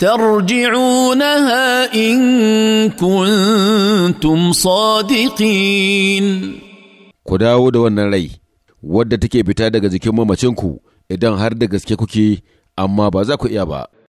ترجعونها ان كنتم صادقين ku dawo da wannan rai wadda take fita daga jikin mamacinku idan har da gaske kuke amma ba za ku iya ba